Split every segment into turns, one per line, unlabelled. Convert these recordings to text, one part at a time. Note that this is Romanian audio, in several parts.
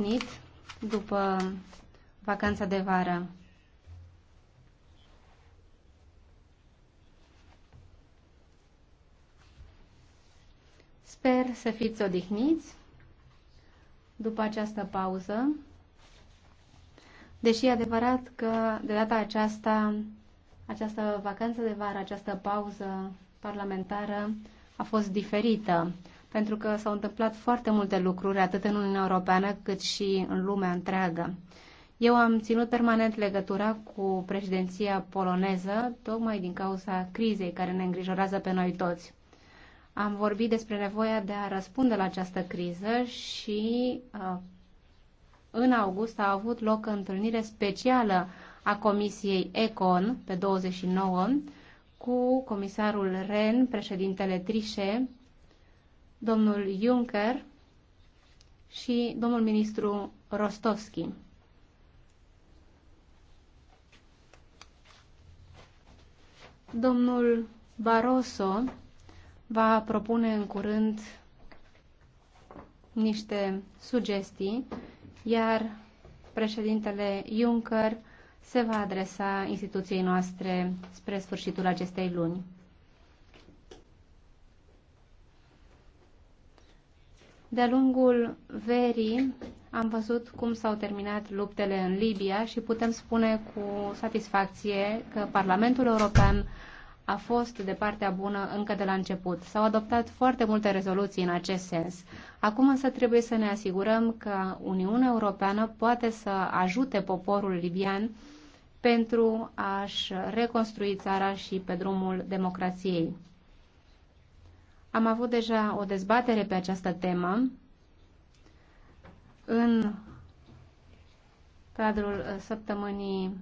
venit după vacanța de vară. Sper să fiți odihniți după această pauză, deși e adevărat că de data aceasta, această vacanță de vară, această pauză parlamentară a fost diferită pentru că s-au întâmplat foarte multe lucruri, atât în Uniunea Europeană cât și în lumea întreagă. Eu am ținut permanent legătura cu președinția poloneză, tocmai din cauza crizei care ne îngrijorează pe noi toți. Am vorbit despre nevoia de a răspunde la această criză și uh, în august a avut loc o întâlnire specială a Comisiei ECON pe 29 cu comisarul Ren, președintele Trișe, domnul Juncker și domnul ministru Rostovski. Domnul Barroso va propune în curând niște sugestii, iar președintele Juncker se va adresa instituției noastre spre sfârșitul acestei luni. De-a lungul verii am văzut cum s-au terminat luptele în Libia și putem spune cu satisfacție că Parlamentul European a fost de partea bună încă de la început. S-au adoptat foarte multe rezoluții în acest sens. Acum însă trebuie să ne asigurăm că Uniunea Europeană poate să ajute poporul libian pentru a-și reconstrui țara și pe drumul democrației. Am avut deja o dezbatere pe această temă în cadrul uh, săptămânii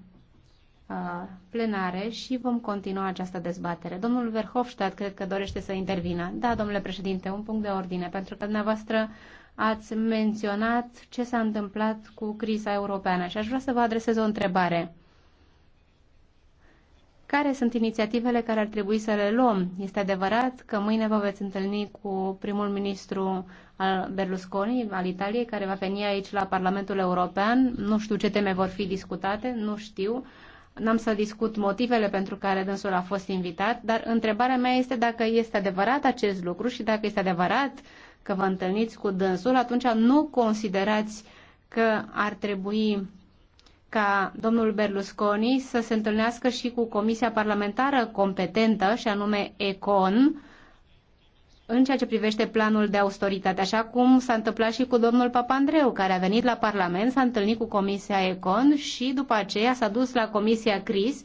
uh, plenare și vom continua această dezbatere. Domnul Verhofstadt cred că dorește să intervină. Da, domnule președinte, un punct de ordine, pentru că dumneavoastră ați menționat ce s-a întâmplat cu criza europeană și aș vrea să vă adresez o întrebare care sunt inițiativele care ar trebui să le luăm. Este adevărat că mâine vă veți întâlni cu primul ministru al Berlusconi, al Italiei, care va veni aici la Parlamentul European. Nu știu ce teme vor fi discutate, nu știu. N-am să discut motivele pentru care dânsul a fost invitat, dar întrebarea mea este dacă este adevărat acest lucru și dacă este adevărat că vă întâlniți cu dânsul, atunci nu considerați că ar trebui ca domnul Berlusconi să se întâlnească și cu Comisia Parlamentară competentă, și anume ECON, în ceea ce privește planul de austeritate, așa cum s-a întâmplat și cu domnul Papandreu, care a venit la Parlament, s-a întâlnit cu Comisia Econ și după aceea s-a dus la Comisia CRIS,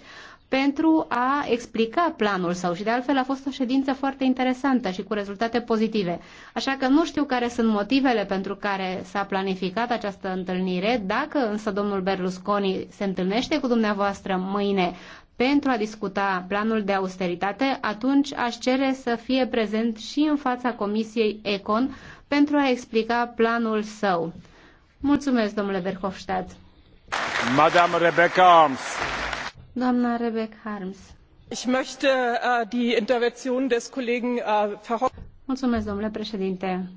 pentru a explica planul său și de altfel a fost o ședință foarte interesantă și cu rezultate pozitive. Așa că nu știu care sunt motivele pentru care s-a planificat această întâlnire, dacă însă domnul Berlusconi se întâlnește cu dumneavoastră mâine pentru a discuta planul de austeritate, atunci aș cere să fie prezent și în fața Comisiei Econ pentru a explica planul său. Mulțumesc, domnule Verhofstadt.
Madame Rebecca Arms.
Doamna Rebecca Harms. Ich möchte uh, die Intervention des Kollegen uh, Mulțumesc, domnule președinte.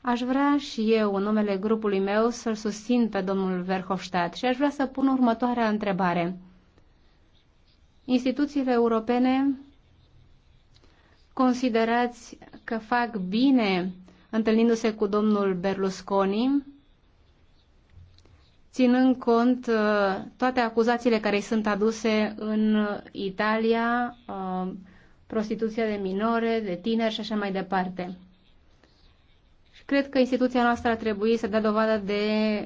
Aș vrea și eu, în numele grupului meu, să-l susțin pe domnul Verhofstadt și aș vrea să pun următoarea întrebare. Instituțiile europene considerați că fac bine întâlnindu-se cu domnul Berlusconi ținând cont uh, toate acuzațiile care îi sunt aduse în Italia, uh, prostituția de minore, de tineri și așa mai departe. Și cred că instituția noastră ar trebui să dea dovadă de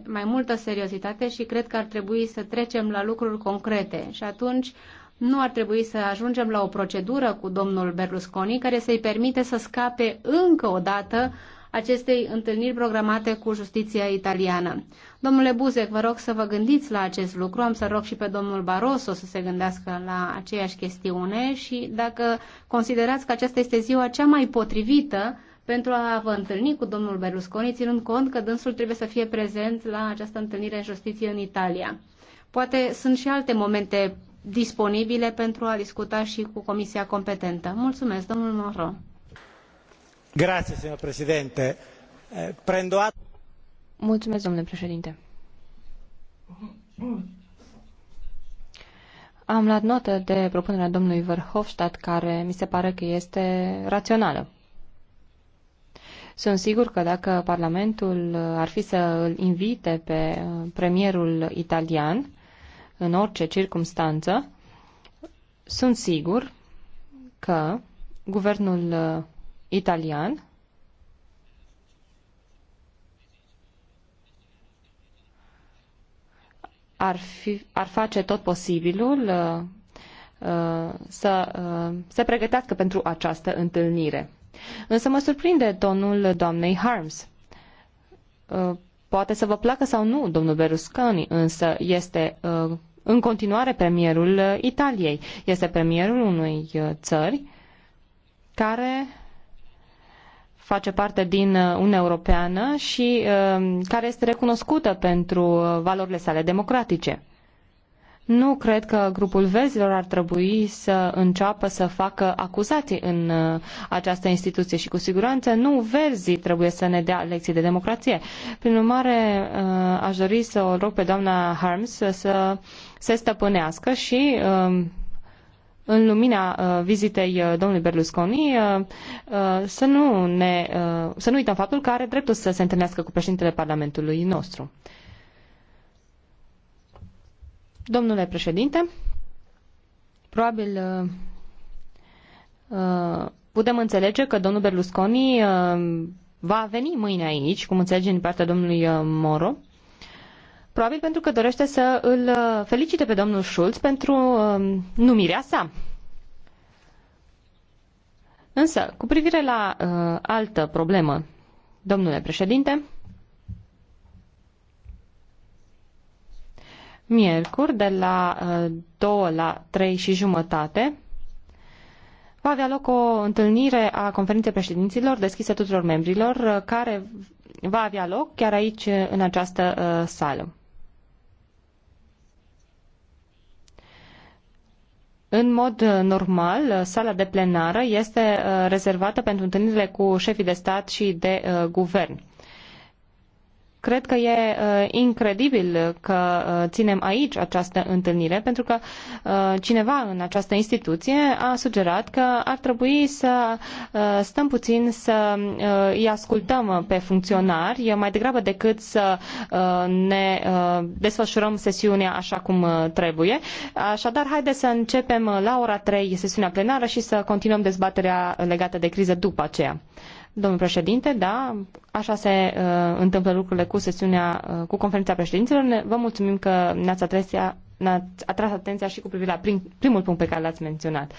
mai multă seriozitate și cred că ar trebui să trecem la lucruri concrete. Și atunci nu ar trebui să ajungem la o procedură cu domnul Berlusconi care să-i permite să scape încă o dată uh, acestei întâlniri programate cu justiția italiană. Domnule Buzec, vă rog să vă gândiți la acest lucru, am să rog și pe domnul Barroso să se gândească la aceeași chestiune și dacă considerați că aceasta este ziua cea mai potrivită pentru a vă întâlni cu domnul Berlusconi, ținând cont că dânsul trebuie să fie prezent la această întâlnire în justiție în Italia. Poate sunt și alte momente disponibile pentru a discuta și cu comisia competentă. Mulțumesc, domnul Moro.
Eh,
Mulțumesc, domnule președinte. Am luat notă de propunerea domnului Verhofstadt, care mi se pare că este rațională. Sunt sigur că dacă Parlamentul ar fi să îl invite pe premierul italian, în orice circumstanță, sunt sigur că guvernul italian ar, fi, ar face tot posibilul uh, uh, să uh, se pregătească pentru această întâlnire. Însă mă surprinde tonul doamnei Harms. Uh, poate să vă placă sau nu, domnul Berlusconi, însă este uh, în continuare premierul uh, Italiei. Este premierul unei țări care face parte din uh, Uniunea Europeană și uh, care este recunoscută pentru uh, valorile sale democratice. Nu cred că grupul verzilor ar trebui să înceapă să facă acuzații în această instituție și cu siguranță nu verzii trebuie să ne dea lecții de democrație. Prin urmare, aș dori să o rog pe doamna Harms să se stăpânească și în lumina uh, vizitei uh, domnului Berlusconi, uh, să nu, ne, să nu uităm faptul că are dreptul să se întâlnească cu președintele Parlamentului nostru. Domnule președinte, probabil putem înțelege că domnul Berlusconi va veni mâine aici, cum înțelegem din partea domnului Moro, Probabil pentru că dorește să îl uh, felicite pe domnul Schulz pentru um, numirea sa. Însă, cu privire la uh, altă problemă, domnule președinte, miercuri de la uh, 2 la 3 și jumătate va avea loc o întâlnire a conferinței președinților deschisă tuturor membrilor uh, care va avea loc chiar aici în această uh, sală. În mod uh, normal, uh, sala de plenară este uh, rezervată pentru întâlnirile cu șefii de stat și de guvern. Cred că e uh, incredibil că uh, ținem aici această întâlnire, pentru că uh, cineva în această instituție a sugerat că ar trebui să stăm puțin să îi ascultăm pe funcționari, mai degrabă decât să ne desfășurăm sesiunea așa cum trebuie. Așadar, haideți să începem la ora 3 sesiunea plenară și să continuăm dezbaterea legată de criză după aceea. Domnul președinte, da, așa se uh, întâmplă lucrurile cu sesiunea, uh, cu conferința președinților. Ne, vă mulțumim că ne-ați atresia, ne-ați atras atenția și cu privire la prim, primul punct pe care l-ați menționat.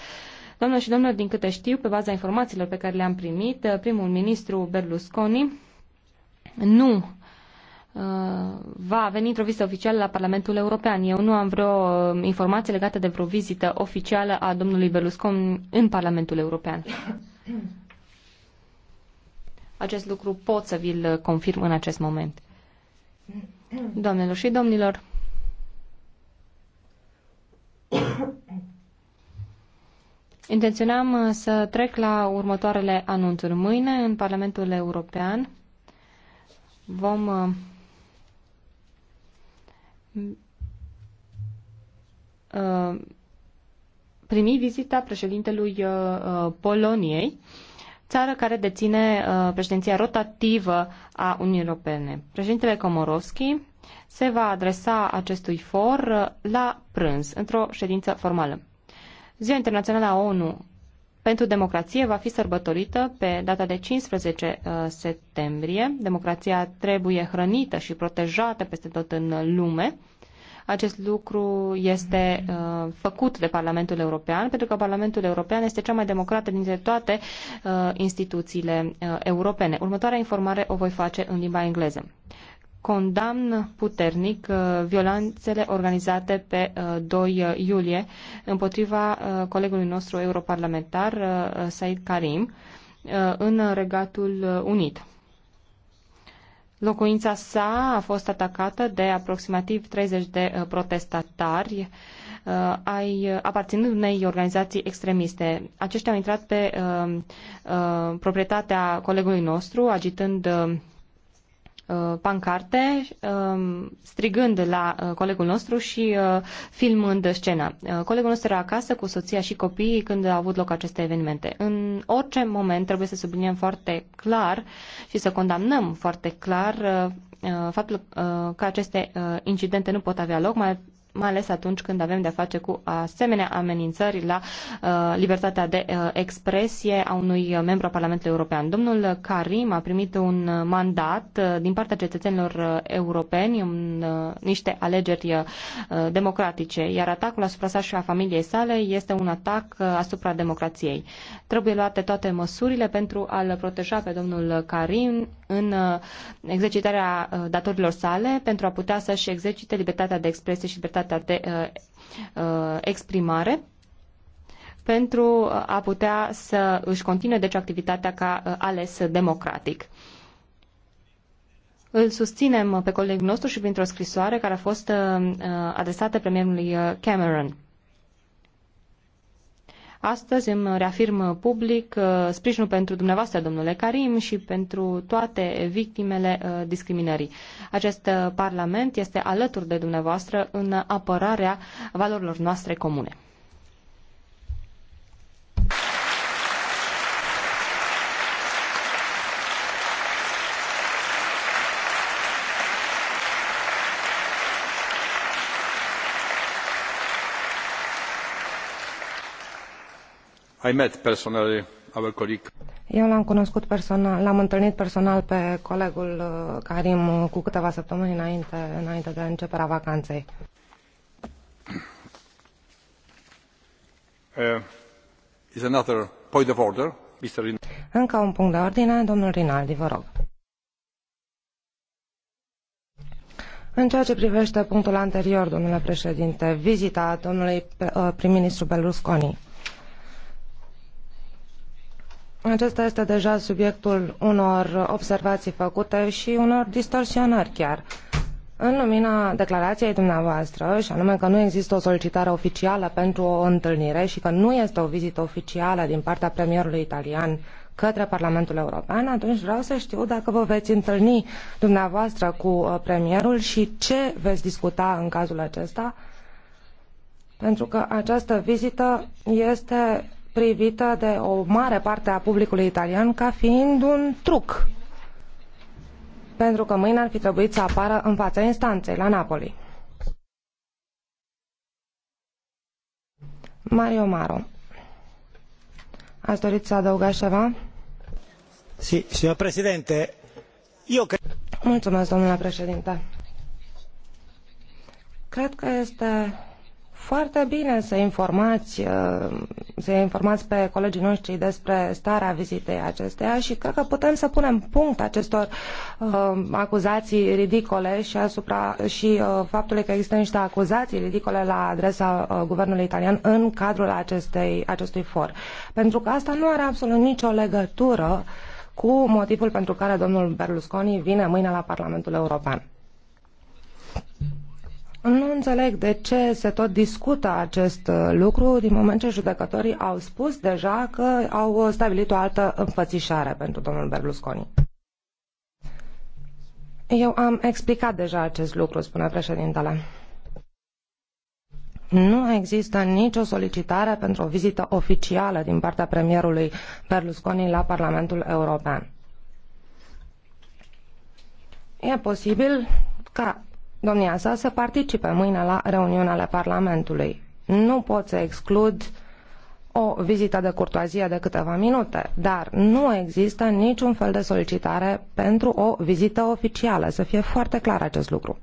Doamnelor și domnilor, din câte știu, pe baza informațiilor pe care le-am primit, uh, primul ministru Berlusconi nu uh, va veni într-o vizită oficială la Parlamentul European. Eu nu am vreo uh, informație legată de vreo vizită oficială a domnului Berlusconi în Parlamentul European. Acest lucru pot să vi-l confirm în acest moment. Doamnelor și domnilor, intenționam uh, să trec la următoarele anunțuri. Mâine, în Parlamentul European, vom uh, uh, primi vizita președintelui Poloniei, țară care deține uh, președinția rotativă a Uniunii Europene. Președintele Komorowski se va adresa acestui for uh, la prânz, într-o ședință formală. Ziua Internațională a ONU pentru democrație va fi sărbătorită pe data de 15 uh, septembrie. Democrația trebuie hrănită și protejată peste tot în lume. Acest lucru este uh, făcut de Parlamentul European, pentru că Parlamentul European este cea mai democrată dintre toate uh, instituțiile uh, europene. Următoarea informare o voi face în limba engleză. Condamn puternic uh, violențele organizate pe uh, 2 uh, iulie împotriva uh, colegului nostru europarlamentar, uh, Said Karim, uh, în Regatul Unit. Locuința sa a fost atacată de aproximativ 30 de uh, protestatari uh, ai, uh, aparținând unei organizații extremiste. Aceștia au intrat pe uh, uh, proprietatea colegului nostru, agitând uh, Uh, pancarte um, strigând la uh, colegul nostru și uh, filmând scena. Colegul nostru era acasă cu soția și copiii când au avut loc aceste evenimente. În orice moment trebuie să subliniem foarte clar și să condamnăm foarte clar faptul că aceste incidente nu pot avea loc, mai mai ales atunci când avem de-a face cu asemenea amenințări la uh, libertatea de uh, expresie a unui uh, membru al Parlamentului European. Domnul Karim a primit un uh, mandat uh, din partea cetățenilor uh, europeni în uh, niște alegeri uh, democratice, iar atacul asupra sa și a familiei sale este un atac uh, asupra democrației. Trebuie luate toate măsurile pentru a-l proteja pe domnul Karim în uh, exercitarea uh, datorilor sale pentru a putea să-și exercite libertatea de expresie și libertatea de uh, exprimare pentru a putea să își continue deci activitatea ca ales democratic. Îl susținem pe colegul nostru și printr-o scrisoare care a fost adresată premierului Cameron. Astăzi îmi reafirm public uh, sprijinul pentru dumneavoastră, domnule Karim, și pentru toate victimele uh, discriminării. Acest uh, Parlament este alături de dumneavoastră în apărarea valorilor noastre comune.
Eu l-am cunoscut personal, l-am întâlnit personal pe colegul uh, Karim uh, cu câteva săptămâni înainte, înainte de începerea vacanței.
Uh, is another point of order, Mr.
Încă un punct de ordine, domnul Rinaldi, vă rog. În ceea ce privește punctul anterior, domnule președinte, vizita domnului uh, prim-ministru Berlusconi, acesta este deja subiectul unor observații făcute și unor distorsionări chiar. În lumina declarației dumneavoastră, și anume că nu există o solicitare oficială pentru o întâlnire și că nu este o vizită oficială din partea premierului italian către Parlamentul European, atunci vreau să știu dacă vă veți întâlni dumneavoastră cu uh, premierul și ce veți discuta în cazul acesta, pentru că această vizită este privită de o mare parte a publicului italian ca fiind un truc. Pentru că mâine ar fi trebuit să apară în fața instanței la Napoli. Mario Maro. Ați dorit să adăugați ceva? Si, signor președinte, eu cred... Mulțumesc, domnule președinte. Cred că este foarte bine să informați, uh, să informați pe colegii noștri despre starea vizitei acesteia și cred că putem să punem punct acestor uh, acuzații ridicole și, asupra, și uh, faptului că există niște acuzații ridicole la adresa uh, guvernului italian în cadrul acestei, acestui for. Pentru că asta nu are absolut nicio legătură cu motivul pentru care domnul Berlusconi vine mâine la Parlamentul European. Nu înțeleg de ce se tot discută acest uh, lucru din moment ce judecătorii au spus deja că au stabilit o altă înfățișare pentru domnul Berlusconi. Eu am explicat deja acest lucru, spune președintele. Nu există nicio solicitare pentru o vizită oficială din partea premierului Berlusconi la Parlamentul European. E posibil ca domnia sa să participe mâine la reuniunile Parlamentului. Nu pot să exclud o vizită de curtoazie de câteva minute, dar nu există niciun fel de solicitare pentru o vizită oficială, să fie foarte clar acest lucru.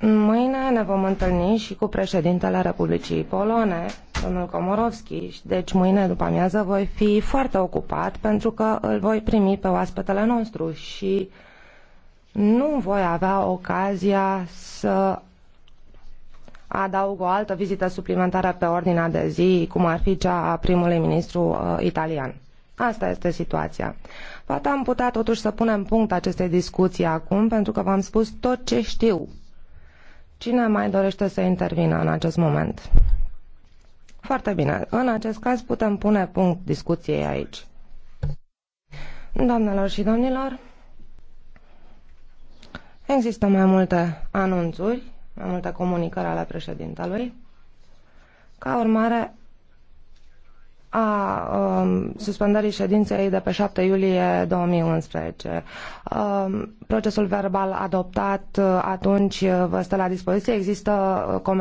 Mâine ne vom întâlni și cu președintele Republicii Polone, domnul Komorowski, deci mâine după amiază voi fi foarte ocupat pentru că îl voi primi pe oaspetele nostru și nu voi avea ocazia să adaug o altă vizită suplimentară pe ordinea de zi, cum ar fi cea a primului ministru uh, italian. Asta este situația. Poate am putea totuși să punem punct acestei discuții acum, pentru că v-am spus tot ce știu. Cine mai dorește să intervină în acest moment? Foarte bine. În acest caz putem pune punct discuției aici. Doamnelor și domnilor, Există mai multe anunțuri, mai multe comunicări ale președintelui. Ca urmare a um, suspendării ședinței de pe 7 iulie 2011. Um, procesul verbal adoptat uh, atunci uh, vă stă la dispoziție. Există uh, comentarii.